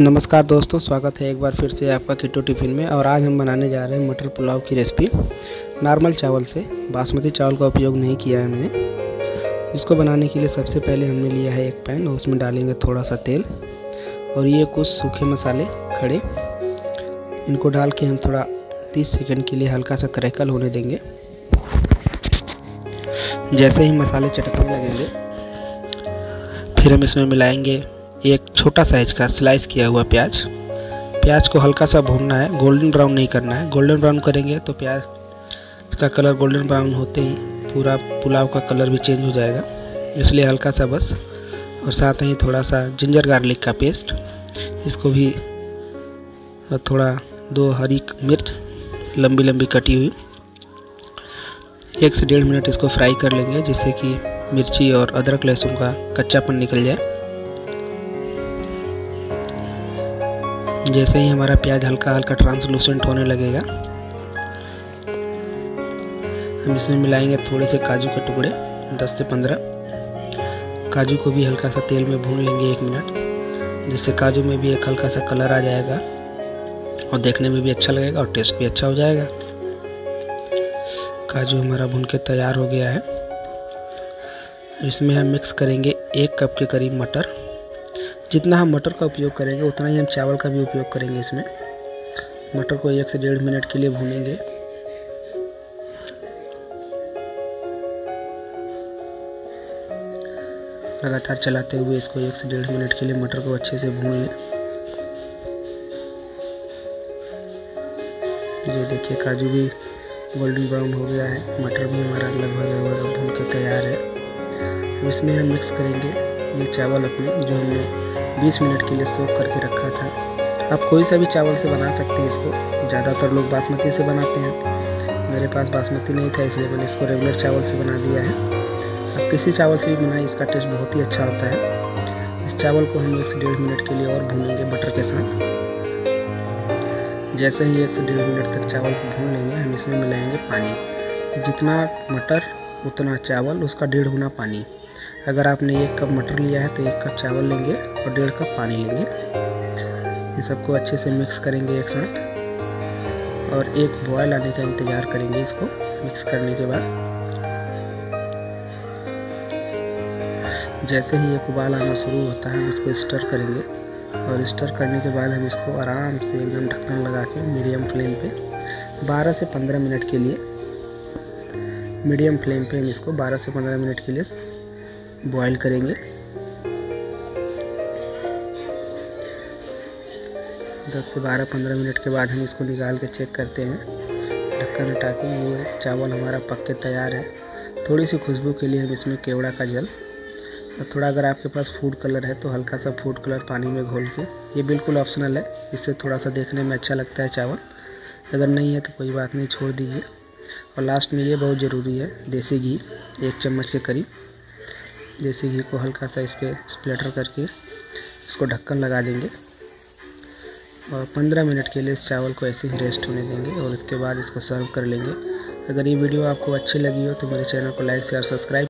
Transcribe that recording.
नमस्कार दोस्तों स्वागत है एक बार फिर से आपका किटो टिफ़िन में और आज हम बनाने जा रहे हैं मटर पुलाव की रेसिपी नॉर्मल चावल से बासमती चावल का उपयोग नहीं किया है मैंने इसको बनाने के लिए सबसे पहले हमने लिया है एक पैन और उसमें डालेंगे थोड़ा सा तेल और ये कुछ सूखे मसाले खड़े इनको डाल के हम थोड़ा तीस सेकेंड के लिए हल्का सा क्रैकल होने देंगे जैसे ही मसाले चटकने लगेंगे फिर हम इसमें मिलाएंगे एक छोटा साइज का स्लाइस किया हुआ प्याज प्याज को हल्का सा भूनना है गोल्डन ब्राउन नहीं करना है गोल्डन ब्राउन करेंगे तो प्याज का कलर गोल्डन ब्राउन होते ही पूरा पुलाव का कलर भी चेंज हो जाएगा इसलिए हल्का सा बस और साथ ही थोड़ा सा जिंजर गार्लिक का पेस्ट इसको भी थोड़ा दो हरी मिर्च लंबी लंबी कटी हुई एक से डेढ़ मिनट इसको फ्राई कर लेंगे जिससे कि मिर्ची और अदरक लहसुन का कच्चापन निकल जाए जैसे ही हमारा प्याज हल्का हल्का ट्रांसलूसेंट होने लगेगा हम इसमें मिलाएंगे थोड़े से काजू के टुकड़े 10 से 15 काजू को भी हल्का सा तेल में भून लेंगे एक मिनट जिससे काजू में भी एक हल्का सा कलर आ जाएगा और देखने में भी अच्छा लगेगा और टेस्ट भी अच्छा हो जाएगा काजू हमारा भून के तैयार हो गया है इसमें हम मिक्स करेंगे एक कप के करीब मटर जितना हम मटर का उपयोग करेंगे उतना ही हम चावल का भी उपयोग करेंगे इसमें मटर को एक से डेढ़ मिनट के लिए भूनेंगे लगातार चलाते हुए इसको एक से डेढ़ मिनट के लिए मटर को अच्छे से भून लें ये देखिए काजू भी गोल्डन ब्राउन हो गया है मटर भी हमारा लगभग लगभग भून के तैयार है अब इसमें हम मिक्स करेंगे ये चावल अपने जो हमने बीस मिनट के लिए सोख करके रखा था आप कोई सा भी चावल से बना सकते हैं इसको ज़्यादातर लोग बासमती से बनाते हैं मेरे पास बासमती नहीं था इसलिए मैंने इसको रेगुलर चावल से बना दिया है आप किसी चावल से भी बनाए इसका टेस्ट बहुत ही अच्छा होता है इस चावल को हम एक से डेढ़ मिनट के लिए और भूनेंगे बटर के साथ जैसे ही एक से डेढ़ मिनट तक चावल को भून लेंगे हम इसमें मिलाएंगे पानी जितना मटर उतना चावल उसका डेढ़ गुना पानी अगर आपने एक कप मटर लिया है तो एक कप चावल लेंगे और डेढ़ कप पानी लेंगे ये सबको अच्छे से मिक्स करेंगे एक साथ और एक बॉयल आने का इंतज़ार करेंगे इसको मिक्स करने के बाद जैसे ही एक उबाल आना शुरू होता है हम इसको स्टर करेंगे और स्टर करने के बाद हम इसको आराम से एकदम ढक्कन लगा के मीडियम फ्लेम पे 12 से 15 मिनट के लिए मीडियम फ्लेम पे हम इसको 12 से 15 मिनट के लिए बॉयल करेंगे दस से बारह पंद्रह मिनट के बाद हम इसको निकाल के चेक करते हैं ढक्कन हटा के ये चावल हमारा पक के तैयार है थोड़ी सी खुशबू के लिए हम इसमें केवड़ा का जल और थोड़ा अगर आपके पास फूड कलर है तो हल्का सा फूड कलर पानी में घोल के ये बिल्कुल ऑप्शनल है इससे थोड़ा सा देखने में अच्छा लगता है चावल अगर नहीं है तो कोई बात नहीं छोड़ दीजिए और लास्ट में ये बहुत ज़रूरी है देसी घी एक चम्मच के करीब देसी घी को हल्का सा इस पर स्प्लेटर करके इसको ढक्कन लगा देंगे और 15 मिनट के लिए इस चावल को ऐसे ही रेस्ट होने देंगे और उसके बाद इसको सर्व कर लेंगे अगर ये वीडियो आपको अच्छी लगी हो तो मेरे चैनल को लाइक शेयर सब्सक्राइब